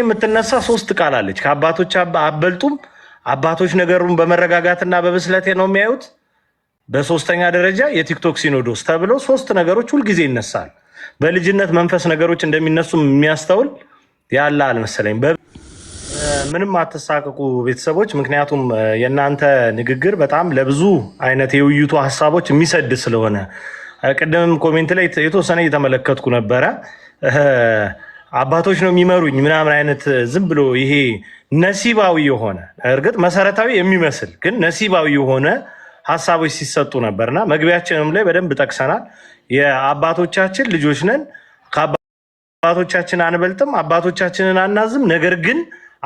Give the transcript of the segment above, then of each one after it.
የምትነሳ ሶስት ቃል አለች። ከአባቶች አበልጡም። አባቶች ነገሩን በመረጋጋትና በብስለቴ ነው የሚያዩት። በሶስተኛ ደረጃ የቲክቶክ ሲኖዶስ ተብሎ ሶስት ነገሮች ሁልጊዜ ይነሳል። በልጅነት መንፈስ ነገሮች እንደሚነሱ የሚያስተውል ያለ አልመሰለኝ። ምንም አትሳቀቁ ቤተሰቦች፣ ምክንያቱም የእናንተ ንግግር በጣም ለብዙ አይነት የውይይቱ ሀሳቦች የሚሰድ ስለሆነ ቅድምም ኮሜንት ላይ የተወሰነ እየተመለከትኩ ነበረ አባቶች ነው የሚመሩኝ ምናምን አይነት ዝም ብሎ ይሄ ነሲባዊ የሆነ እርግጥ መሰረታዊ የሚመስል ግን ነሲባዊ የሆነ ሀሳቦች ሲሰጡ ነበርና መግቢያችንም ላይ በደንብ ጠቅሰናል። የአባቶቻችን ልጆች ነን፣ ከአባቶቻችን አንበልጥም፣ አባቶቻችንን አናዝም፣ ነገር ግን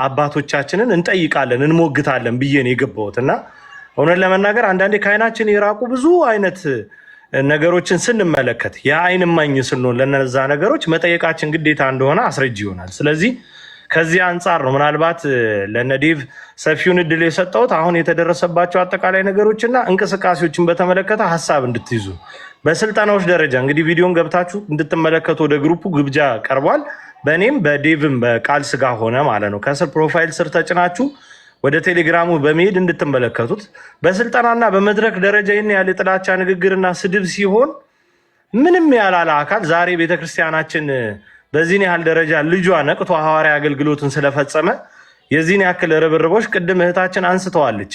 አባቶቻችንን እንጠይቃለን፣ እንሞግታለን ብዬ ነው የገባሁት እና እውነት ለመናገር አንዳንዴ ከአይናችን የራቁ ብዙ አይነት ነገሮችን ስንመለከት የአይን እማኝ ስንሆን ለነዛ ነገሮች መጠየቃችን ግዴታ እንደሆነ አስረጅ ይሆናል። ስለዚህ ከዚህ አንጻር ነው ምናልባት ለነዲቭ ሰፊውን እድል የሰጠሁት አሁን የተደረሰባቸው አጠቃላይ ነገሮችና እንቅስቃሴዎችን በተመለከተ ሀሳብ እንድትይዙ በስልጠናዎች ደረጃ እንግዲህ ቪዲዮን ገብታችሁ እንድትመለከቱ ወደ ግሩፑ ግብጃ ቀርቧል። በእኔም በዴቭም በቃል ስጋ ሆነ ማለት ነው ከስር ፕሮፋይል ስር ተጭናችሁ ወደ ቴሌግራሙ በመሄድ እንድትመለከቱት በስልጠናና በመድረክ ደረጃ ይህን ያለ የጥላቻ ንግግርና ስድብ ሲሆን ምንም ያላለ አካል ዛሬ ቤተክርስቲያናችን በዚህን ያህል ደረጃ ልጇ ነቅቶ ሐዋርያ አገልግሎትን ስለፈጸመ የዚህን ያክል ርብርቦች ቅድም እህታችን አንስተዋለች።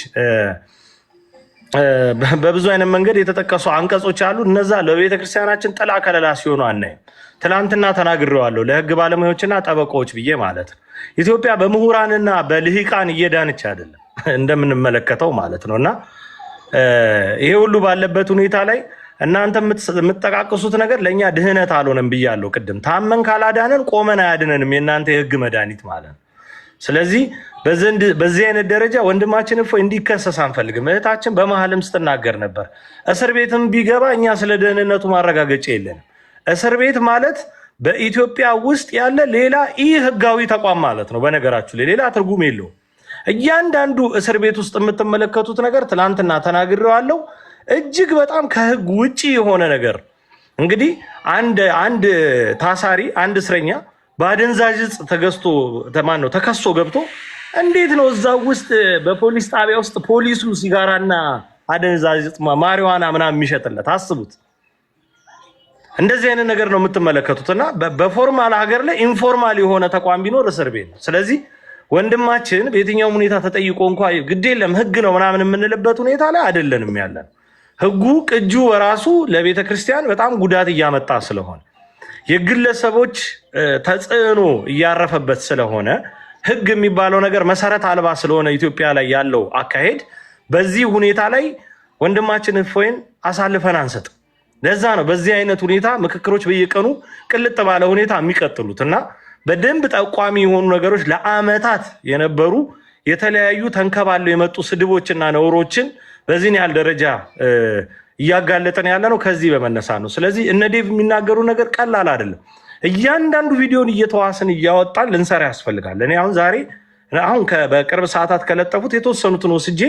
በብዙ አይነት መንገድ የተጠቀሱ አንቀጾች አሉ። እነዛ ለቤተክርስቲያናችን ጥላ ከለላ ሲሆኑ አናይም። ትናንትና ተናግሬዋለሁ ለህግ ባለሙያዎችና ጠበቃዎች ብዬ ማለት ነው። ኢትዮጵያ በምሁራንና በልሂቃን እየዳነች አይደለም እንደምንመለከተው ማለት ነው። እና ይሄ ሁሉ ባለበት ሁኔታ ላይ እናንተ የምትጠቃቅሱት ነገር ለእኛ ድህነት አልሆነም ብያለሁ ቅድም። ታመን ካላዳነን ቆመን አያድነንም የእናንተ የህግ መድኃኒት ማለት ነው። ስለዚህ በዚህ አይነት ደረጃ ወንድማችን እፎ እንዲከሰስ አንፈልግም። እህታችን በመሀልም ስትናገር ነበር። እስር ቤትም ቢገባ እኛ ስለ ደህንነቱ ማረጋገጫ የለንም። እስር ቤት ማለት በኢትዮጵያ ውስጥ ያለ ሌላ ኢ ህጋዊ ተቋም ማለት ነው። በነገራችሁ ላይ ሌላ ትርጉም የለው። እያንዳንዱ እስር ቤት ውስጥ የምትመለከቱት ነገር ትናንትና ተናግሬዋለሁ። እጅግ በጣም ከህግ ውጪ የሆነ ነገር እንግዲህ አንድ አንድ ታሳሪ አንድ እስረኛ በአደንዛዥ እጽ ተገዝቶ ማን ነው ተከሶ ገብቶ እንዴት ነው እዛ ውስጥ በፖሊስ ጣቢያ ውስጥ ፖሊሱ ሲጋራና አደንዛዥ እጽ ማሪዋና ምናምን የሚሸጥለት አስቡት። እንደዚህ አይነት ነገር ነው የምትመለከቱት። እና በፎርማል ሀገር ላይ ኢንፎርማል የሆነ ተቋም ቢኖር እስር ቤት ነው። ስለዚህ ወንድማችን በየትኛውም ሁኔታ ተጠይቆ እንኳ ግድ የለም ህግ ነው ምናምን የምንልበት ሁኔታ ላይ አይደለንም ያለን። ህጉ ቅጁ በራሱ ለቤተ ክርስቲያን በጣም ጉዳት እያመጣ ስለሆነ የግለሰቦች ተጽዕኖ እያረፈበት ስለሆነ ህግ የሚባለው ነገር መሰረት አልባ ስለሆነ ኢትዮጵያ ላይ ያለው አካሄድ በዚህ ሁኔታ ላይ ወንድማችን እፎይን አሳልፈን አንሰጥም። ለዛ ነው በዚህ አይነት ሁኔታ ምክክሮች በየቀኑ ቅልጥ ባለ ሁኔታ የሚቀጥሉት እና በደንብ ጠቋሚ የሆኑ ነገሮች ለአመታት የነበሩ የተለያዩ ተንከባለው የመጡ ስድቦችና ነውሮችን በዚህን ያህል ደረጃ እያጋለጠን ያለ ነው ከዚህ በመነሳ ነው። ስለዚህ እነ ዴቭ የሚናገሩ ነገር ቀላል አይደለም። እያንዳንዱ ቪዲዮን እየተዋስን እያወጣን ልንሰራ ያስፈልጋል። እኔ አሁን ዛሬ አሁን በቅርብ ሰዓታት ከለጠፉት የተወሰኑትን ወስጄ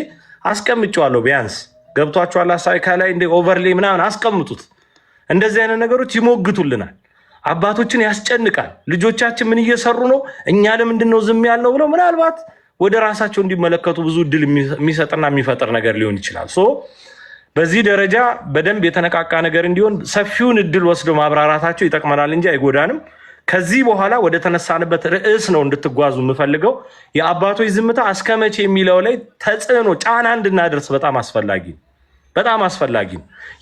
አስቀምጨዋለሁ ቢያንስ ገብቷችኋል? ሳይካ ላይ እንደ ኦቨርሌ ምናምን አስቀምጡት። እንደዚህ አይነት ነገሮች ይሞግቱልናል፣ አባቶችን ያስጨንቃል። ልጆቻችን ምን እየሰሩ ነው፣ እኛ ለምንድን ነው ዝም ያልነው ብለው ምናልባት ወደ ራሳቸው እንዲመለከቱ ብዙ እድል የሚሰጥና የሚፈጥር ነገር ሊሆን ይችላል። ሶ በዚህ ደረጃ በደንብ የተነቃቃ ነገር እንዲሆን ሰፊውን እድል ወስዶ ማብራራታቸው ይጠቅመናል እንጂ አይጎዳንም። ከዚህ በኋላ ወደ ተነሳንበት ርዕስ ነው እንድትጓዙ የምፈልገው። የአባቶች ዝምታ እስከ መቼ የሚለው ላይ ተጽዕኖ ጫና እንድናደርስ በጣም አስፈላጊ በጣም አስፈላጊ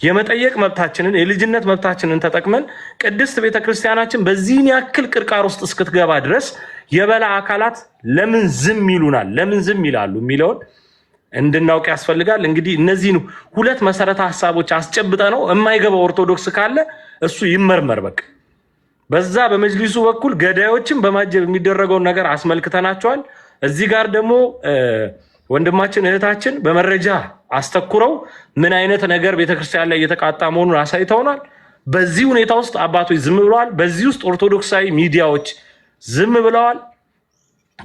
የመጠየቅ መብታችንን የልጅነት መብታችንን ተጠቅመን ቅድስት ቤተክርስቲያናችን በዚህን ያክል ቅርቃር ውስጥ እስክትገባ ድረስ የበላ አካላት ለምን ዝም ይሉናል፣ ለምን ዝም ይላሉ የሚለውን እንድናውቅ ያስፈልጋል። እንግዲህ እነዚህን ሁለት መሰረተ ሀሳቦች አስጨብጠ ነው የማይገባው ኦርቶዶክስ ካለ እሱ ይመርመር በቃ። በዛ በመጅሊሱ በኩል ገዳዮችን በማጀብ የሚደረገውን ነገር አስመልክተናቸዋል። እዚህ ጋር ደግሞ ወንድማችን እህታችን በመረጃ አስተኩረው ምን አይነት ነገር ቤተክርስቲያን ላይ እየተቃጣ መሆኑን አሳይተውናል። በዚህ ሁኔታ ውስጥ አባቶች ዝም ብለዋል። በዚህ ውስጥ ኦርቶዶክሳዊ ሚዲያዎች ዝም ብለዋል።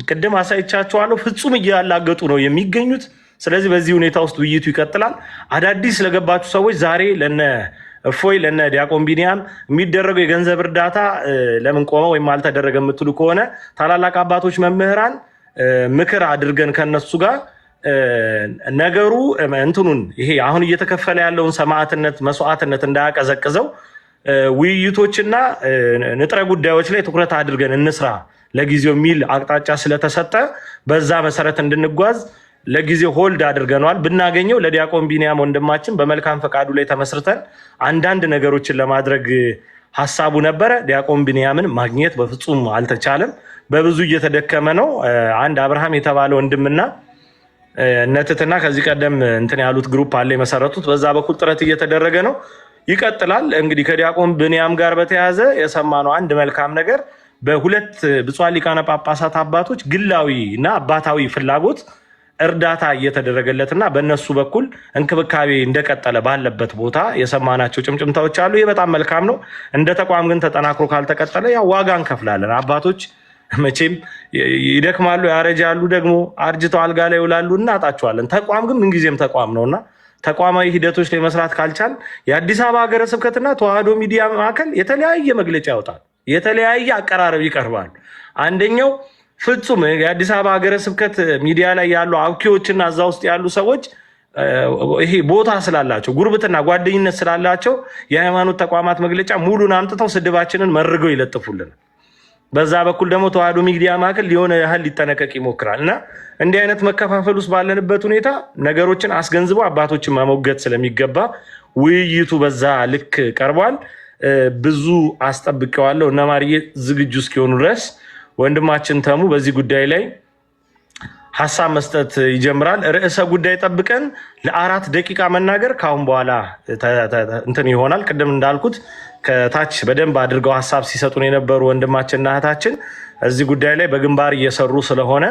ቅድም አሳይቻቸዋለሁ። ፍጹም እያላገጡ ነው የሚገኙት። ስለዚህ በዚህ ሁኔታ ውስጥ ውይይቱ ይቀጥላል። አዳዲስ ለገባችሁ ሰዎች ዛሬ ለነ እፎይ ለነ ዲያቆን ቢኒያም የሚደረገው የገንዘብ እርዳታ ለምን ቆመ ወይም አልተደረገ የምትሉ ከሆነ ታላላቅ አባቶች መምህራን ምክር አድርገን ከነሱ ጋር ነገሩ እንትኑን ይሄ አሁን እየተከፈለ ያለውን ሰማዕትነት መስዋዕትነት እንዳያቀዘቅዘው ውይይቶችና ንጥረ ጉዳዮች ላይ ትኩረት አድርገን እንስራ ለጊዜው የሚል አቅጣጫ ስለተሰጠ በዛ መሰረት እንድንጓዝ ለጊዜ ሆልድ አድርገነዋል። ብናገኘው ለዲያቆን ቢኒያም ወንድማችን በመልካም ፈቃዱ ላይ ተመስርተን አንዳንድ ነገሮችን ለማድረግ ሀሳቡ ነበረ። ዲያቆን ቢኒያምን ማግኘት በፍጹም አልተቻለም። በብዙ እየተደከመ ነው። አንድ አብርሃም የተባለ ወንድምና እነትትና ከዚህ ቀደም እንትን ያሉት ግሩፕ አለ የመሰረቱት። በዛ በኩል ጥረት እየተደረገ ነው፣ ይቀጥላል። እንግዲህ ከዲያቆን ብንያም ጋር በተያያዘ የሰማነው አንድ መልካም ነገር በሁለት ብፁዓን ሊቃነ ጳጳሳት አባቶች ግላዊ እና አባታዊ ፍላጎት እርዳታ እየተደረገለትና በእነሱ በኩል እንክብካቤ እንደቀጠለ ባለበት ቦታ የሰማናቸው ጭምጭምታዎች አሉ። ይህ በጣም መልካም ነው። እንደ ተቋም ግን ተጠናክሮ ካልተቀጠለ ያው ዋጋ እንከፍላለን። አባቶች መቼም ይደክማሉ፣ ያረጃሉ፣ ደግሞ አርጅተው አልጋ ላይ ይውላሉ፣ እናጣቸዋለን። ተቋም ግን ምንጊዜም ተቋም ነውና ተቋማዊ ሂደቶች ላይ መስራት ካልቻል የአዲስ አበባ ሀገረ ስብከትና ተዋህዶ ሚዲያ ማዕከል የተለያየ መግለጫ ያወጣል፣ የተለያየ አቀራረብ ይቀርባል። አንደኛው ፍጹም የአዲስ አበባ ሀገረ ስብከት ሚዲያ ላይ ያሉ አብኪዎችና እዛ ውስጥ ያሉ ሰዎች ይሄ ቦታ ስላላቸው ጉርብትና ጓደኝነት ስላላቸው የሃይማኖት ተቋማት መግለጫ ሙሉን አምጥተው ስድባችንን መርገው ይለጥፉልናል። በዛ በኩል ደግሞ ተዋህዶ ሚዲያ ማዕከል ሊሆነ ያህል ሊጠነቀቅ ይሞክራል እና እንዲህ አይነት መከፋፈል ውስጥ ባለንበት ሁኔታ ነገሮችን አስገንዝቦ አባቶችን መሞገት ስለሚገባ ውይይቱ በዛ ልክ ቀርቧል። ብዙ አስጠብቀዋለሁ። እነማርዬ ማርዬ ዝግጁ እስኪሆኑ ድረስ ወንድማችን ተሙ በዚህ ጉዳይ ላይ ሀሳብ መስጠት ይጀምራል። ርዕሰ ጉዳይ ጠብቀን ለአራት ደቂቃ መናገር ከአሁን በኋላ እንትን ይሆናል። ቅድም እንዳልኩት ከታች በደንብ አድርገው ሀሳብ ሲሰጡን የነበሩ ወንድማችንና እህታችን እዚህ ጉዳይ ላይ በግንባር እየሰሩ ስለሆነ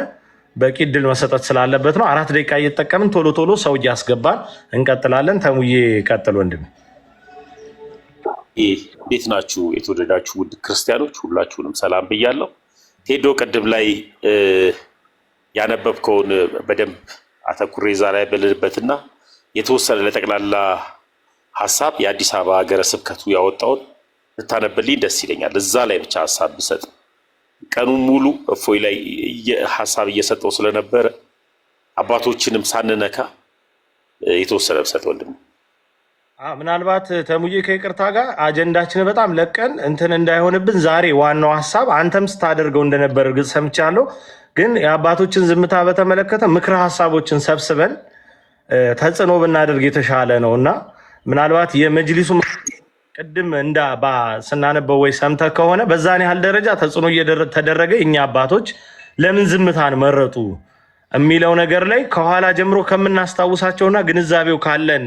በቂ እድል መሰጠት ስላለበት ነው። አራት ደቂቃ እየተጠቀምን ቶሎ ቶሎ ሰው እያስገባን እንቀጥላለን። ተሙዬ ቀጥል ወንድም። እንዴት ናችሁ? የተወደዳችሁ ውድ ክርስቲያኖች ሁላችሁንም ሰላም ብያለሁ። ቴዶ ቅድም ላይ ያነበብከውን በደንብ አተኩሬ ዛ ላይ በልንበትና የተወሰነ ለጠቅላላ ሀሳብ የአዲስ አበባ ሀገረ ስብከቱ ያወጣውን ልታነብልኝ ደስ ይለኛል። እዛ ላይ ብቻ ሀሳብ ብሰጥ ቀኑን ሙሉ እፎይ ላይ ሀሳብ እየሰጠው ስለነበረ አባቶችንም ሳንነካ የተወሰነ ብሰጥ ወንድም ምናልባት ተሙዬ ከይቅርታ ጋር አጀንዳችን በጣም ለቀን እንትን እንዳይሆንብን ዛሬ ዋናው ሀሳብ አንተም ስታደርገው እንደነበር እርግጥ ሰምቻለሁ። ግን የአባቶችን ዝምታ በተመለከተ ምክረ ሀሳቦችን ሰብስበን ተጽዕኖ ብናደርግ የተሻለ ነው እና ምናልባት የመጅሊሱ ቅድም እንዳ ስናነበው ወይ ሰምተ ከሆነ በዛን ያህል ደረጃ ተጽዕኖ እየተደረገ እኛ አባቶች ለምን ዝምታን መረጡ የሚለው ነገር ላይ ከኋላ ጀምሮ ከምናስታውሳቸውና ግንዛቤው ካለን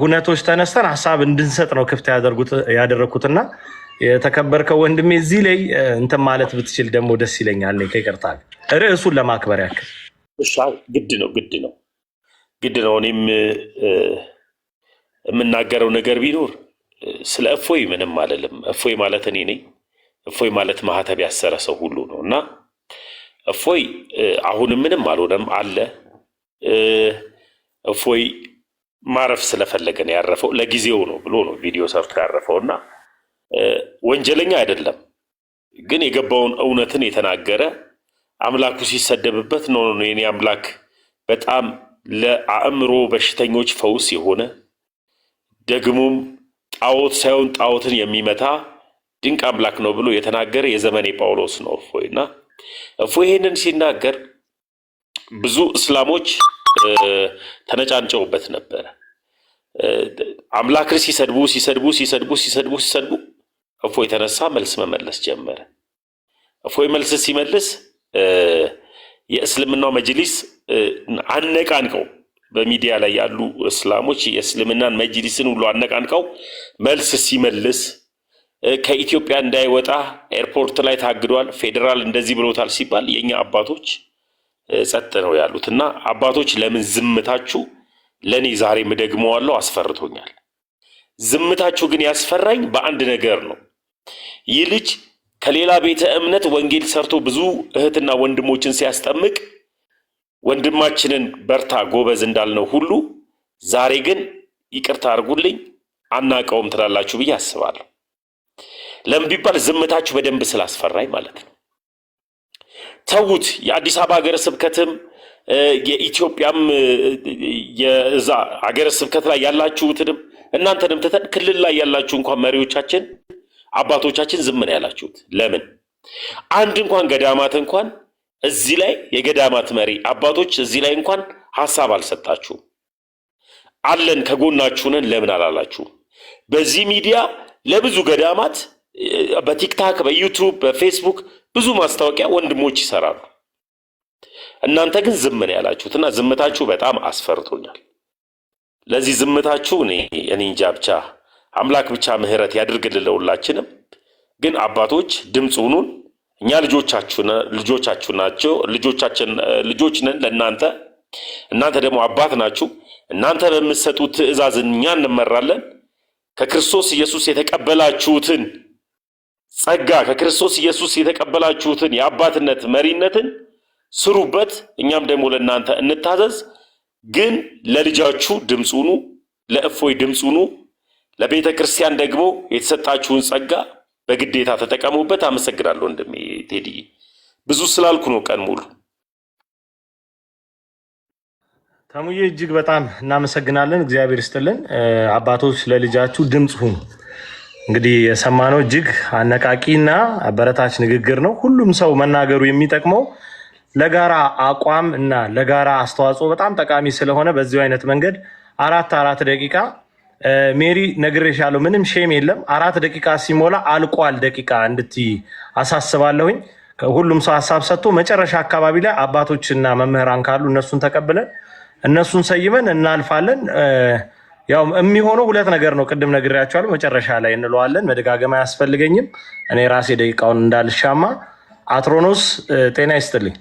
ሁነቶች ተነስተን ሀሳብ እንድንሰጥ ነው ክፍት ያደረግኩትና የተከበርከው ወንድሜ እዚህ ላይ እንትን ማለት ብትችል ደግሞ ደስ ይለኛል። ይቅርታል ርዕሱን ለማክበር ያክል ግድ ነው ግድ ነው ግድ ነው። እኔም የምናገረው ነገር ቢኖር ስለ እፎይ ምንም አልልም። እፎይ ማለት እኔ ነኝ። እፎይ ማለት ማህተብ ያሰረ ሰው ሁሉ ነው እና እፎይ አሁንም ምንም አልሆነም አለ እፎይ ማረፍ ስለፈለገ ነው ያረፈው፣ ለጊዜው ነው ብሎ ነው ቪዲዮ ሰርቶ ያረፈው እና ወንጀለኛ አይደለም። ግን የገባውን እውነትን የተናገረ አምላኩ ሲሰደብበት ነው የኔ አምላክ በጣም ለአእምሮ በሽተኞች ፈውስ የሆነ ደግሞም ጣዖት ሳይሆን ጣዖትን የሚመታ ድንቅ አምላክ ነው ብሎ የተናገረ የዘመኔ ጳውሎስ ነው እፎይ እና እፎ ይህንን ሲናገር ብዙ እስላሞች ተነጫንጨውበት ነበረ። አምላክን ሲሰድቡ ሲሰድቡ ሲሰድቡ ሲሰድቡ ሲሰድቡ እፎ የተነሳ መልስ መመለስ ጀመረ። እፎይ መልስ ሲመልስ የእስልምናው መጅሊስ አነቃንቀው በሚዲያ ላይ ያሉ እስላሞች የእስልምናን መጅሊስን ሁሉ አነቃንቀው መልስ ሲመልስ ከኢትዮጵያ እንዳይወጣ ኤርፖርት ላይ ታግዷል፣ ፌዴራል እንደዚህ ብሎታል ሲባል የእኛ አባቶች ጸጥ ነው ያሉት እና አባቶች ለምን ዝምታችሁ ለእኔ ዛሬም እደግመዋለሁ አስፈርቶኛል። ዝምታችሁ ግን ያስፈራኝ በአንድ ነገር ነው። ይህ ልጅ ከሌላ ቤተ እምነት ወንጌል ሰርቶ ብዙ እህትና ወንድሞችን ሲያስጠምቅ ወንድማችንን በርታ ጎበዝ እንዳልነው ሁሉ ዛሬ ግን ይቅርታ አድርጉልኝ አናቀውም ትላላችሁ ብዬ አስባለሁ። ለምን ቢባል ዝምታችሁ በደንብ ስላስፈራኝ ማለት ነው። ተዉት። የአዲስ አበባ ሀገረ ስብከትም የኢትዮጵያም የዛ ሀገረ ስብከት ላይ ያላችሁትንም እናንተንም ትተን ክልል ላይ ያላችሁ እንኳን መሪዎቻችን አባቶቻችን ዝም ነው ያላችሁት። ለምን አንድ እንኳን ገዳማት እንኳን እዚህ ላይ የገዳማት መሪ አባቶች እዚህ ላይ እንኳን ሀሳብ አልሰጣችሁም። አለን ከጎናችሁ ለምን አላላችሁ? በዚህ ሚዲያ ለብዙ ገዳማት በቲክታክ፣ በዩቱብ፣ በፌስቡክ ብዙ ማስታወቂያ ወንድሞች ይሰራሉ። እናንተ ግን ዝም ነው ያላችሁትና ዝምታችሁ በጣም አስፈርቶኛል። ለዚህ ዝምታችሁ እኔ እኔ እንጃ ብቻ አምላክ ብቻ ምሕረት ያድርግልን ለሁላችንም። ግን አባቶች ድምፅ ሁኑን። እኛ ልጆቻችሁ ናቸው ልጆቻችን ልጆች ነን ለእናንተ። እናንተ ደግሞ አባት ናችሁ። እናንተ በምትሰጡት ትእዛዝ እኛ እንመራለን። ከክርስቶስ ኢየሱስ የተቀበላችሁትን ጸጋ ከክርስቶስ ኢየሱስ የተቀበላችሁትን የአባትነት መሪነትን ስሩበት፣ እኛም ደግሞ ለእናንተ እንታዘዝ። ግን ለልጃችሁ ድምፁኑ፣ ለእፎይ ድምፁኑ፣ ሁኑ። ለቤተ ክርስቲያን ደግሞ የተሰጣችሁን ጸጋ በግዴታ ተጠቀሙበት። አመሰግናለሁ ወንድሜ ቴዲ፣ ብዙ ስላልኩ ነው ቀን ሙሉ። ተሙዬ እጅግ በጣም እናመሰግናለን። እግዚአብሔር ይስጥልን። አባቶች ለልጃችሁ ድምፅ ሁኑ። እንግዲህ የሰማነው እጅግ አነቃቂና አበረታች ንግግር ነው። ሁሉም ሰው መናገሩ የሚጠቅመው ለጋራ አቋም እና ለጋራ አስተዋጽኦ በጣም ጠቃሚ ስለሆነ በዚሁ አይነት መንገድ አራት አራት ደቂቃ ሜሪ ነግሬሻለሁ። ምንም ሼም የለም። አራት ደቂቃ ሲሞላ አልቋል ደቂቃ እንድትይ አሳስባለሁኝ። ሁሉም ሰው ሀሳብ ሰጥቶ መጨረሻ አካባቢ ላይ አባቶችና መምህራን ካሉ እነሱን ተቀብለን እነሱን ሰይመን እናልፋለን። ያው የሚሆነው ሁለት ነገር ነው። ቅድም ነግሬያቸዋለሁ፣ መጨረሻ ላይ እንለዋለን። መደጋገም አያስፈልገኝም። እኔ ራሴ ደቂቃውን እንዳልሻማ። አትሮኖስ ጤና ይስጥልኝ።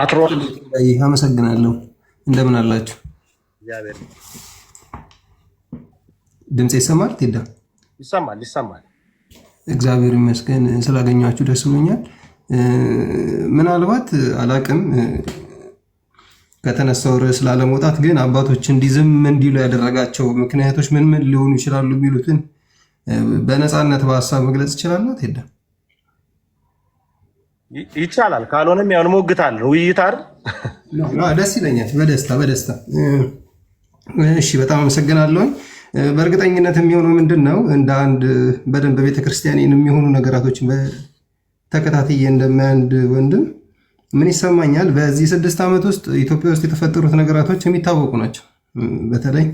አትሮኖስ አመሰግናለሁ። እንደምን አላችሁ? ድምፅ ይሰማል? ቴዳ ይሰማል? ይሰማል። እግዚአብሔር ይመስገን ስላገኘኋችሁ ደስ ብሎኛል። ምናልባት አላቅም ከተነሳው ርዕስ ላለመውጣት ግን አባቶች እንዲዝም እንዲሉ ያደረጋቸው ምክንያቶች ምን ምን ሊሆኑ ይችላሉ የሚሉትን በነፃነት በሀሳብ መግለጽ ይችላሉ። ሄደ ይቻላል። ካልሆነም ያሁን ሞግታል ውይይት ደስ ይለኛል። በደስታ በደስታ እሺ፣ በጣም አመሰግናለሁኝ። በእርግጠኝነት የሚሆነው ምንድን ነው እንደ አንድ በደንብ ቤተክርስቲያን የሚሆኑ ነገራቶችን ተከታትዬ እንደሚያንድ ወንድም ምን ይሰማኛል? በዚህ ስድስት ዓመት ውስጥ ኢትዮጵያ ውስጥ የተፈጠሩት ነገራቶች የሚታወቁ ናቸው። በተለይ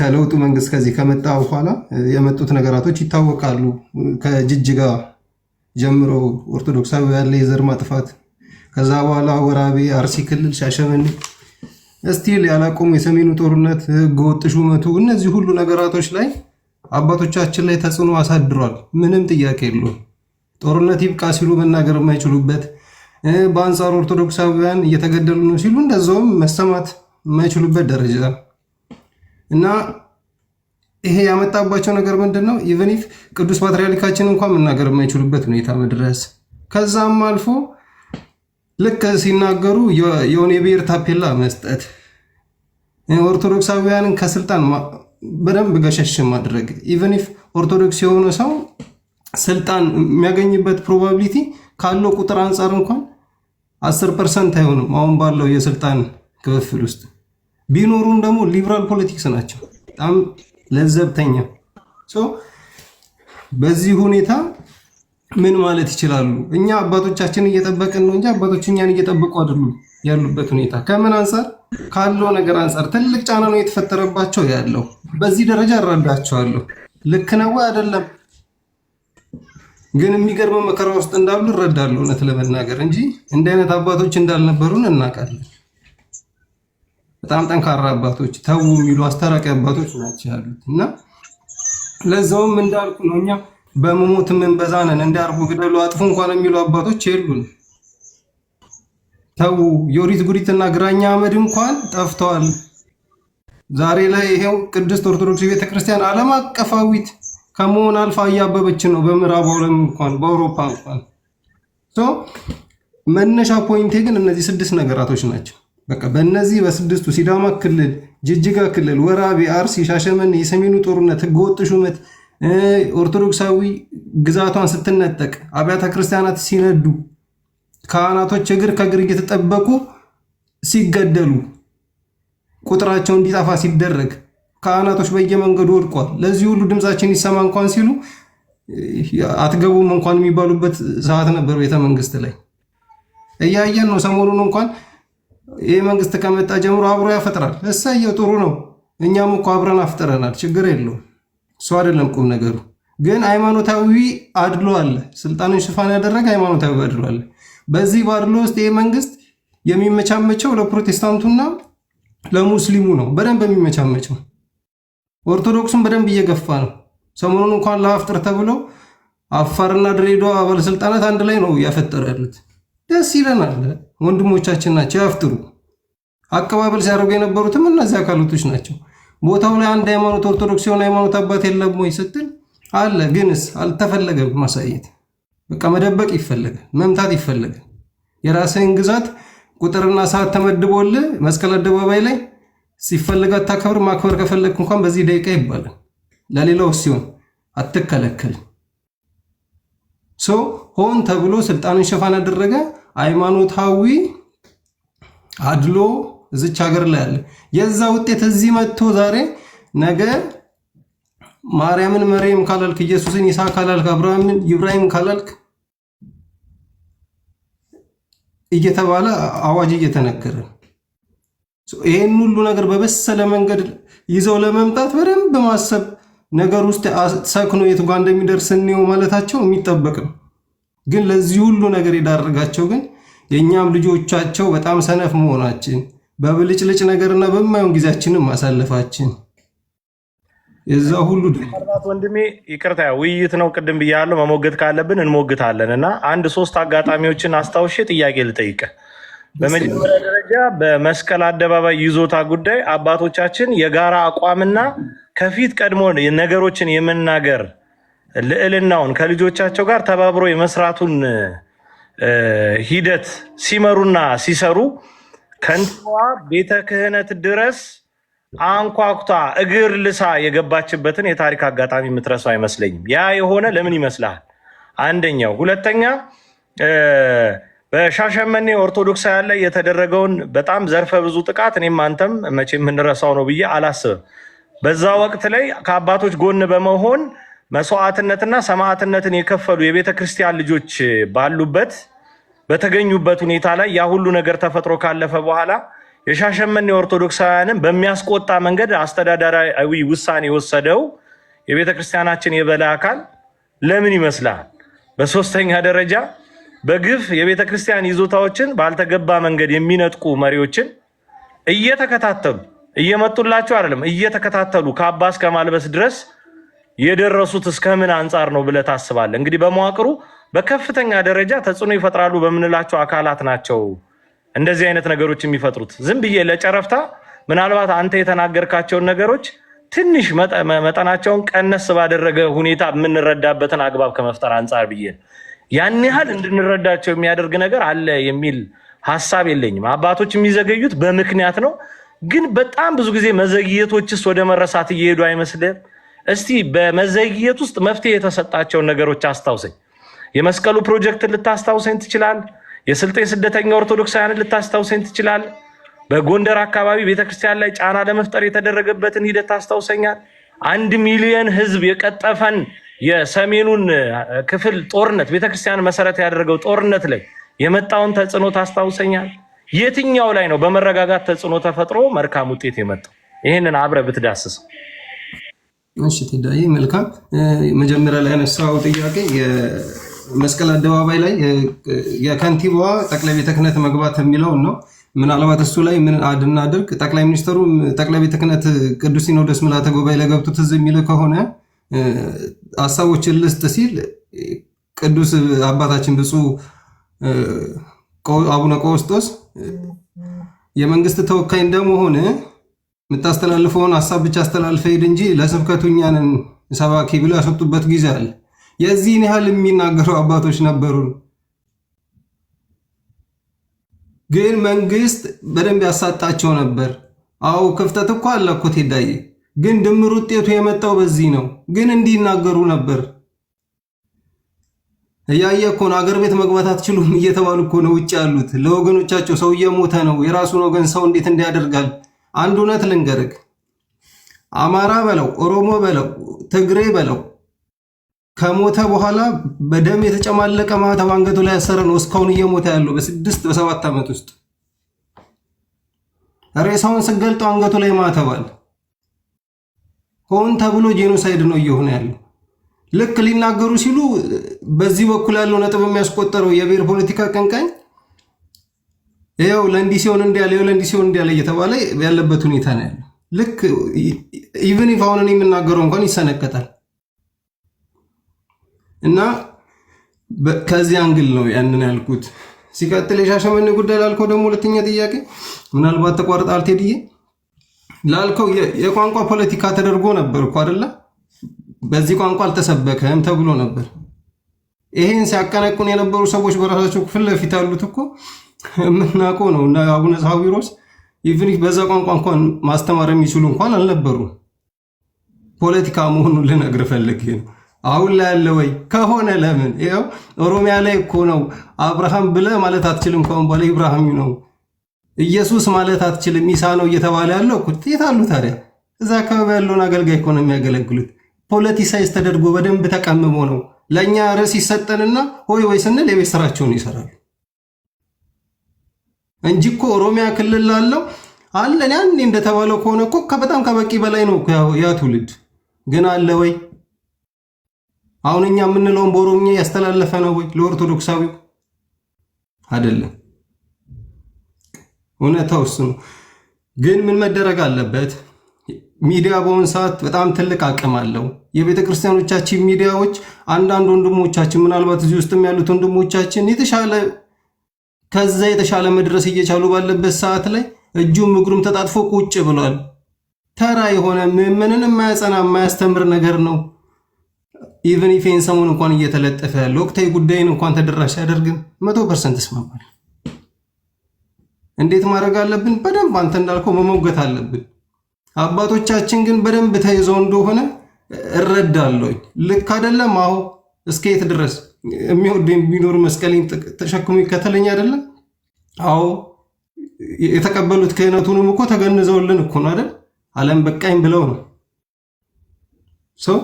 ከለውጡ መንግስት ከዚህ ከመጣ በኋላ የመጡት ነገራቶች ይታወቃሉ። ከጅጅጋ ጀምሮ ኦርቶዶክሳዊ ያለ የዘር ማጥፋት፣ ከዛ በኋላ ወራቤ፣ አርሲ ክልል፣ ሻሸመኔ እስቲል ያላቆሙ የሰሜኑ ጦርነት፣ ህገወጥ ሹመቱ፣ እነዚህ ሁሉ ነገራቶች ላይ አባቶቻችን ላይ ተጽዕኖ አሳድሯል። ምንም ጥያቄ የለውም። ጦርነት ይብቃ ሲሉ መናገር የማይችሉበት በአንጻሩ ኦርቶዶክሳውያን እየተገደሉ ነው ሲሉ እንደዛውም መሰማት የማይችሉበት ደረጃ እና ይሄ ያመጣባቸው ነገር ምንድን ነው? ኢቨን ኢፍ ቅዱስ ፓትርያርካችን እንኳን መናገር የማይችሉበት ሁኔታ መድረስ ከዛም አልፎ ልክ ሲናገሩ የሆነ የብሔር ታፔላ መስጠት፣ ኦርቶዶክሳውያንን ከስልጣን በደንብ ገሸሽ ማድረግ። ኢቨን ኢፍ ኦርቶዶክስ የሆነ ሰው ስልጣን የሚያገኝበት ፕሮባቢሊቲ ካለው ቁጥር አንጻር እንኳን አስር ፐርሰንት አይሆንም። አሁን ባለው የስልጣን ክፍፍል ውስጥ ቢኖሩም ደግሞ ሊብራል ፖለቲክስ ናቸው። በጣም ለዘብተኛ በዚህ ሁኔታ ምን ማለት ይችላሉ? እኛ አባቶቻችን እየጠበቅን ነው እንጂ አባቶች እኛን እየጠበቁ አይደሉም። ያሉበት ሁኔታ ከምን አንጻር ካለው ነገር አንጻር ትልቅ ጫና ነው የተፈጠረባቸው ያለው። በዚህ ደረጃ እረዳቸዋለሁ። ልክ ነው አይደለም? ግን የሚገርመው መከራ ውስጥ እንዳሉ እረዳለሁ እውነት ለመናገር እንጂ እንዲህ አይነት አባቶች እንዳልነበሩን እናውቃለን። በጣም ጠንካራ አባቶች ተዉ የሚሉ አስታራቂ አባቶች ናቸው ያሉት እና ለዛውም እንዳልኩ ነው እኛ በመሞት የምንበዛ ነን። እንዳርጉ ግደሉ አጥፉ እንኳን የሚሉ አባቶች የሉን። ተው የኦሪት ጉሪትና ግራኛ አመድ እንኳን ጠፍተዋል። ዛሬ ላይ ይሄው ቅድስት ኦርቶዶክስ ቤተክርስቲያን ዓለም አቀፋዊት ከመሆን አልፋ እያበበች ነው። በምዕራብ ዓለም እንኳን በአውሮፓ እንኳን መነሻ ፖይንቴ ግን እነዚህ ስድስት ነገራቶች ናቸው። በቃ በእነዚህ በስድስቱ ሲዳማ ክልል፣ ጅጅጋ ክልል፣ ወራቤ፣ አርሲ፣ ሻሸመኔ፣ የሰሜኑ ጦርነት፣ ህገወጥ ሹመት፣ ኦርቶዶክሳዊ ግዛቷን ስትነጠቅ፣ አብያተ ክርስቲያናት ሲነዱ፣ ካህናቶች እግር ከእግር እየተጠበቁ ሲገደሉ፣ ቁጥራቸው እንዲጠፋ ሲደረግ ካህናቶች በየመንገዱ ወድቋል። ለዚህ ሁሉ ድምፃችን ይሰማ እንኳን ሲሉ አትገቡም እንኳን የሚባሉበት ሰዓት ነበር ቤተ መንግስት ላይ እያየን ነው። ሰሞኑን እንኳን ይህ መንግስት ከመጣ ጀምሮ አብሮ ያፈጥራል። እሰየው ጥሩ ነው። እኛም እኮ አብረን አፍጥረናል። ችግር የለውም። እሱ አይደለም ቁም ነገሩ። ግን ሃይማኖታዊ አድሎ አለ። ስልጣንን ሽፋን ያደረገ ሃይማኖታዊ አድሎ አለ። በዚህ በአድሎ ውስጥ ይህ መንግስት የሚመቻመቸው ለፕሮቴስታንቱና ለሙስሊሙ ነው። በደንብ የሚመቻመቸው ኦርቶዶክሱን በደንብ እየገፋ ነው። ሰሞኑን እንኳን ለአፍጥር ተብሎ አፋርና ድሬዳዋ ባለስልጣናት አንድ ላይ ነው እያፈጠሩ ያሉት። ደስ ይለናል። ወንድሞቻችን ናቸው፣ ያፍጥሩ። አቀባበል ሲያደርጉ የነበሩትም እነዚህ አካላቶች ናቸው። ቦታው ላይ አንድ ሃይማኖት ኦርቶዶክስ የሆነ ሃይማኖት አባት የለም ወይ ስትል አለ፣ ግንስ አልተፈለገም ማሳየት። በቃ መደበቅ ይፈለጋል፣ መምታት ይፈለጋል። የራስህን ግዛት ቁጥርና ሰዓት ተመድቦልህ መስቀል አደባባይ ላይ ሲፈልግ አታከብር። ማክበር ከፈለግ እንኳን በዚህ ደቂቃ ይባላል። ለሌላው ሲሆን አትከለከል። ሆን ተብሎ ስልጣኑን ሽፋን ያደረገ ሃይማኖታዊ አድሎ እዚች ሀገር ላይ አለ። የዛ ውጤት እዚህ መጥቶ ዛሬ ነገ ማርያምን መሬም ካላልክ፣ ኢየሱስን ኢሳ ካላልክ፣ አብርሃምን ኢብራሂም ካላልክ እየተባለ አዋጅ እየተነገረ ይህን ሁሉ ነገር በበሰለ መንገድ ይዘው ለመምጣት በደንብ ማሰብ ነገር ውስጥ ሰክኖ የት እንደሚደርስ እንየው ማለታቸው የሚጠበቅ ነው። ግን ለዚህ ሁሉ ነገር የዳረጋቸው ግን የእኛም ልጆቻቸው በጣም ሰነፍ መሆናችን በብልጭልጭ ነገርና በማየውን ጊዜያችንም ማሳለፋችን የዛ ሁሉ ወንድሜ ይቅርታ፣ ውይይት ነው። ቅድም ብያለሁ፣ መሞግት ካለብን እንሞግታለን እና አንድ ሶስት አጋጣሚዎችን አስታውሼ ጥያቄ ልጠይቀ በመጀመሪያ ደረጃ በመስቀል አደባባይ ይዞታ ጉዳይ አባቶቻችን የጋራ አቋምና ከፊት ቀድሞ ነገሮችን የመናገር ልዕልናውን ከልጆቻቸው ጋር ተባብሮ የመስራቱን ሂደት ሲመሩና ሲሰሩ ከንቲዋ ቤተ ክህነት ድረስ አንኳኩታ እግር ልሳ የገባችበትን የታሪክ አጋጣሚ የምትረሳው አይመስለኝም። ያ የሆነ ለምን ይመስልሃል? አንደኛው። ሁለተኛ በሻሸመኔ ኦርቶዶክሳውያን ላይ የተደረገውን በጣም ዘርፈ ብዙ ጥቃት እኔም አንተም መቼ የምንረሳው ነው ብዬ አላስብም። በዛ ወቅት ላይ ከአባቶች ጎን በመሆን መስዋዕትነትና ሰማዕትነትን የከፈሉ የቤተ ክርስቲያን ልጆች ባሉበት በተገኙበት ሁኔታ ላይ ያ ሁሉ ነገር ተፈጥሮ ካለፈ በኋላ የሻሸመኔ ኦርቶዶክሳውያንን በሚያስቆጣ መንገድ አስተዳደራዊ ውሳኔ የወሰደው የቤተ ክርስቲያናችን የበላይ አካል ለምን ይመስላል? በሶስተኛ ደረጃ በግፍ የቤተ ክርስቲያን ይዞታዎችን ባልተገባ መንገድ የሚነጥቁ መሪዎችን እየተከታተሉ እየመጡላቸው አይደለም፣ እየተከታተሉ ከአባ እስከ ማልበስ ድረስ የደረሱት እስከምን አንጻር ነው ብለህ ታስባለህ? እንግዲህ በመዋቅሩ በከፍተኛ ደረጃ ተጽዕኖ ይፈጥራሉ በምንላቸው አካላት ናቸው እንደዚህ አይነት ነገሮች የሚፈጥሩት። ዝም ብዬ ለጨረፍታ ምናልባት አንተ የተናገርካቸውን ነገሮች ትንሽ መጠናቸውን ቀነስ ባደረገ ሁኔታ የምንረዳበትን አግባብ ከመፍጠር አንጻር ብዬ ያን ያህል እንድንረዳቸው የሚያደርግ ነገር አለ የሚል ሀሳብ የለኝም። አባቶች የሚዘገዩት በምክንያት ነው። ግን በጣም ብዙ ጊዜ መዘግየቶችስ ወደ መረሳት እየሄዱ አይመስልም? እስቲ በመዘግየት ውስጥ መፍትሄ የተሰጣቸውን ነገሮች አስታውሰኝ። የመስቀሉ ፕሮጀክትን ልታስታውሰኝ ትችላል። የስልጤ ስደተኛ ኦርቶዶክሳውያንን ልታስታውሰኝ ትችላል። በጎንደር አካባቢ ቤተክርስቲያን ላይ ጫና ለመፍጠር የተደረገበትን ሂደት ታስታውሰኛል። አንድ ሚሊዮን ህዝብ የቀጠፈን የሰሜኑን ክፍል ጦርነት ቤተክርስቲያን መሰረት ያደረገው ጦርነት ላይ የመጣውን ተጽዕኖ ታስታውሰኛል። የትኛው ላይ ነው በመረጋጋት ተጽዕኖ ተፈጥሮ መልካም ውጤት የመጣው? ይህንን አብረ ብትዳስሰው። እሺ ቴዳዬ መልካም። መጀመሪያ ላይ ያነሳው ጥያቄ መስቀል አደባባይ ላይ የከንቲባዋ ጠቅላይ ቤተ ክህነት መግባት የሚለውን ነው። ምናልባት እሱ ላይ ምን አድናድርግ ጠቅላይ ሚኒስትሩ ጠቅላይ ቤተ ክህነት ቅዱስ ሲኖዶስ ምልዓተ ጉባኤ ለገብቱት ገብቶ የሚል ከሆነ ሀሳቦችን ልስጥ ሲል ቅዱስ አባታችን ብፁዕ አቡነ ቀውስጦስ የመንግስት ተወካይ እንደመሆን የምታስተላልፈውን ሀሳብ ብቻ አስተላልፈ ሄድ እንጂ ለስብከቱ እኛንን ሰባኪ ብሎ ያስወጡበት ጊዜ አለ። የዚህን ያህል የሚናገሩ አባቶች ነበሩን። ግን መንግስት በደንብ ያሳጣቸው ነበር። አዎ ክፍተት እኮ አለ እኮ ቴዳዬ ግን ድምር ውጤቱ የመጣው በዚህ ነው። ግን እንዲናገሩ ነበር እያየ እኮ ነው። አገር ቤት መግባት አትችሉም እየተባሉ እኮ ነው ውጭ ያሉት ለወገኖቻቸው። ሰው እየሞተ ነው። የራሱን ወገን ሰው እንዴት እንዲያደርጋል? አንድ እውነት ልንገርግ አማራ በለው ኦሮሞ በለው ትግሬ በለው ከሞተ በኋላ በደም የተጨማለቀ ማህተብ አንገቱ ላይ ያሰረ ነው እስካሁን እየሞተ ያለው በስድስት በሰባት ዓመት ውስጥ ሬሳውን ስገልጠው አንገቱ ላይ ማተባል። ሆን ተብሎ ጄኖሳይድ ነው እየሆነ ያለው። ልክ ሊናገሩ ሲሉ በዚህ በኩል ያለው ነጥብ የሚያስቆጠረው የብሔር ፖለቲካ ቀንቃኝ ይኸው ለእንዲህ ሲሆን እንዲህ ይኸው ለእንዲህ ሲሆን እንዲያለ እየተባለ ያለበት ሁኔታ ነው ያለው። ልክ ኢቨን ኢፍ አሁን የምናገረው እንኳን ይሰነቀጣል እና ከዚህ አንግል ነው ያንን ያልኩት። ሲቀጥል የሻሸመኔ ጉዳይ ላልከው ደግሞ ሁለተኛ ጥያቄ ምናልባት ተቋርጣ አልቴድዬ ላልከው የቋንቋ ፖለቲካ ተደርጎ ነበር እኮ አደለ? በዚህ ቋንቋ አልተሰበከም ተብሎ ነበር። ይሄን ሲያቀነቁን የነበሩ ሰዎች በራሳቸው ፊት ለፊት ያሉት እኮ የምናውቀው ነው። እና አቡነ ሳዊሮስ ኢቭን በዛ ቋንቋ እንኳን ማስተማር የሚችሉ እንኳን አልነበሩም። ፖለቲካ መሆኑን ልነግር ፈልጌ ነው። አሁን ላይ ያለ ወይ ከሆነ ለምን ይኸው ኦሮሚያ ላይ እኮ ነው። አብርሃም ብለህ ማለት አትችልም። ከሆን በኋላ ኢብራሂም ነው ኢየሱስ ማለት አትችልም፣ ኢሳ ነው እየተባለ ያለው የት አሉ ታዲያ? እዛ አካባቢ ያለውን አገልጋይ እኮ ነው የሚያገለግሉት። ፖለቲሳይዝ ተደርጎ በደንብ ተቀምሞ ነው ለእኛ ርዕስ ይሰጠንና ሆይ ወይ ስንል የቤት ስራቸውን ይሰራሉ እንጂ እኮ ኦሮሚያ ክልል ላለው አለን ያኔ እንደተባለው ከሆነ እኮ በጣም ከበቂ በላይ ነው ያ ትውልድ። ግን አለ ወይ አሁን እኛ የምንለውን በኦሮምኛ ያስተላለፈ ነው ወይ ለኦርቶዶክሳዊው አይደለም። እውነታው እሱ ነው። ግን ምን መደረግ አለበት? ሚዲያ በአሁኑ ሰዓት በጣም ትልቅ አቅም አለው። የቤተ ክርስቲያኖቻችን ሚዲያዎች፣ አንዳንድ ወንድሞቻችን ምናልባት እዚህ ውስጥም ያሉት ወንድሞቻችን የተሻለ ከዛ የተሻለ መድረስ እየቻሉ ባለበት ሰዓት ላይ እጁም እግሩም ተጣጥፎ ቁጭ ብሏል። ተራ የሆነ ምዕመንን የማያጸና የማያስተምር ነገር ነው። ኢቨን ኢፌን ሰሞን እንኳን እየተለጠፈ ያለ ወቅታዊ ጉዳይን እንኳን ተደራሽ አያደርግም። መቶ ፐርሰንት እስማማለሁ። እንዴት ማድረግ አለብን? በደንብ አንተ እንዳልከው መሞገት አለብን። አባቶቻችን ግን በደንብ ተይዘው እንደሆነ እረዳለሁ ልክ አይደለም? አሁ እስከ የት ድረስ የሚወድ የሚኖር መስቀሌን ተሸክሞ ይከተለኝ አይደለም? አዎ። የተቀበሉት ክህነቱንም እኮ ተገንዘውልን እኮ ነው አይደል? ዓለም በቃኝ ብለው ነው ሰው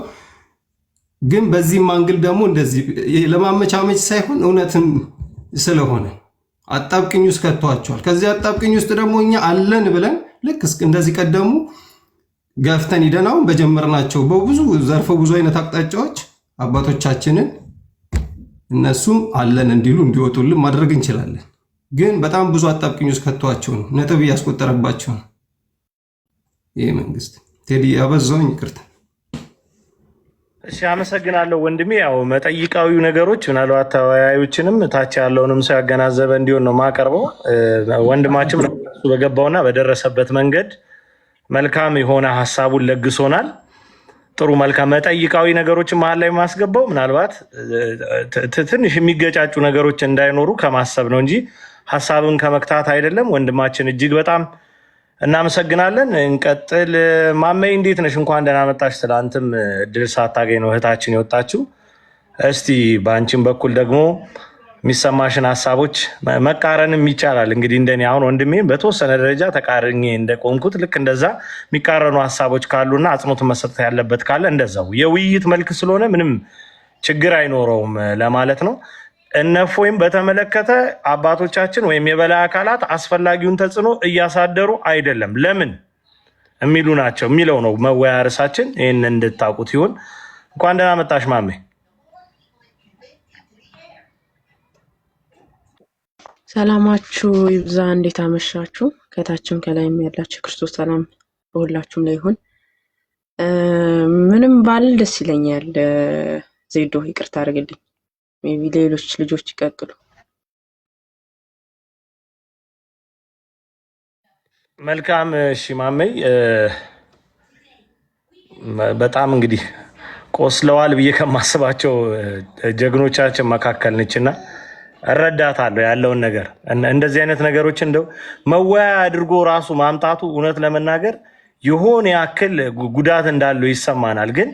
ግን በዚህ አንግል ደግሞ እንደዚህ ለማመቻመች ሳይሆን እውነትም ስለሆነ አጣብቅኝ ውስጥ ከቷቸዋል። ከዚህ አጣብቅኝ ውስጥ ደግሞ እኛ አለን ብለን ልክ እንደዚህ ቀደሙ ገፍተን ሂደናውን በጀመርናቸው በብዙ ዘርፈ ብዙ አይነት አቅጣጫዎች አባቶቻችንን እነሱም አለን እንዲሉ እንዲወጡልን ማድረግ እንችላለን። ግን በጣም ብዙ አጣብቅኝ ውስጥ ከቷቸው ነው፣ ነጥብ እያስቆጠረባቸው ነው ይህ መንግስት። ቴዲ አበዛውኝ፣ ይቅርታ እሺ አመሰግናለሁ ወንድሜ። ያው መጠይቃዊ ነገሮች ምናልባት ተወያዮችንም ታች ያለውንም ሰው ያገናዘበ እንዲሆን ነው ማቀርበው። ወንድማችን በገባውና በደረሰበት መንገድ መልካም የሆነ ሀሳቡን ለግሶናል። ጥሩ መልካም መጠይቃዊ ነገሮችን መሀል ላይ ማስገባው ምናልባት ትንሽ የሚገጫጩ ነገሮች እንዳይኖሩ ከማሰብ ነው እንጂ ሀሳብን ከመክታት አይደለም። ወንድማችን እጅግ በጣም እናመሰግናለን። እንቀጥል። ማመይ እንዴት ነሽ? እንኳን ደህና መጣሽ። ትላንትም እድል ሳታገኝ ነው እህታችን የወጣችው። እስቲ በአንቺን በኩል ደግሞ የሚሰማሽን ሀሳቦች መቃረንም ይቻላል። እንግዲህ እንደኔ አሁን ወንድሜን በተወሰነ ደረጃ ተቃርኜ እንደቆምኩት ልክ እንደዛ የሚቃረኑ ሀሳቦች ካሉና አጽንኦት መሰጠት ያለበት ካለ እንደዛው የውይይት መልክ ስለሆነ ምንም ችግር አይኖረውም ለማለት ነው። እነፎይም በተመለከተ አባቶቻችን ወይም የበላይ አካላት አስፈላጊውን ተጽዕኖ እያሳደሩ አይደለም፣ ለምን የሚሉ ናቸው የሚለው ነው መወያ ርዕሳችን። ይህን እንድታውቁት ይሁን። እንኳን ደህና መጣሽ ማሜ። ሰላማችሁ ይብዛ። እንዴት አመሻችሁ? ከታችም ከላይም ያላችሁ ክርስቶስ ሰላም በሁላችሁም ላይ ይሁን። ምንም ባል ደስ ይለኛል። ዜዶ ይቅርታ አድርግልኝ ሜይ ቢ ሌሎች ልጆች ይቀጥሉ። መልካም እሺ፣ ማመይ በጣም እንግዲህ ቆስለዋል ብዬ ከማስባቸው ጀግኖቻችን መካከል ነችና እረዳታለሁ ያለውን ነገር እንደዚህ አይነት ነገሮች እንደው መወያ አድርጎ ራሱ ማምጣቱ እውነት ለመናገር የሆነ ያክል ጉዳት እንዳለው ይሰማናል ግን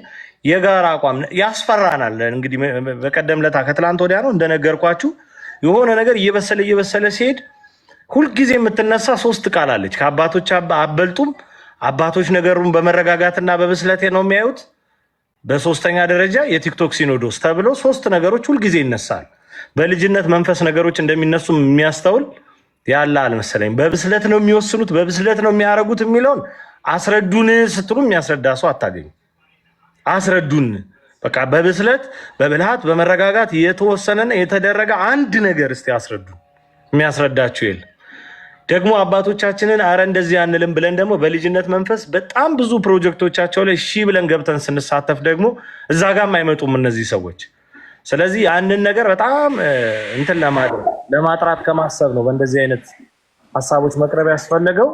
የጋራ አቋም ያስፈራናል። እንግዲህ በቀደም ለታ ከትላንት ወዲያ ነው እንደነገርኳችሁ የሆነ ነገር እየበሰለ እየበሰለ ሲሄድ ሁልጊዜ የምትነሳ ሶስት ቃል አለች። ከአባቶች አበልጡም። አባቶች ነገሩን በመረጋጋትና በብስለት ነው የሚያዩት። በሶስተኛ ደረጃ የቲክቶክ ሲኖዶስ ተብሎ ሶስት ነገሮች ሁልጊዜ ይነሳል። በልጅነት መንፈስ ነገሮች እንደሚነሱ የሚያስተውል ያለ አልመሰለኝም። በብስለት ነው የሚወስኑት፣ በብስለት ነው የሚያደርጉት የሚለውን አስረዱን ስትሉ የሚያስረዳ ሰው አታገኙም። አስረዱን። በቃ በብስለት በብልሃት በመረጋጋት የተወሰነና የተደረገ አንድ ነገር እስቲ አስረዱን። የሚያስረዳችሁ የለ። ደግሞ አባቶቻችንን አረ እንደዚህ አንልም ብለን ደግሞ በልጅነት መንፈስ በጣም ብዙ ፕሮጀክቶቻቸው ላይ ሺ ብለን ገብተን ስንሳተፍ ደግሞ እዛ ጋም አይመጡም እነዚህ ሰዎች። ስለዚህ ያንን ነገር በጣም እንትን ለማድረግ ለማጥራት ከማሰብ ነው በእንደዚህ አይነት ሀሳቦች መቅረብ ያስፈለገው።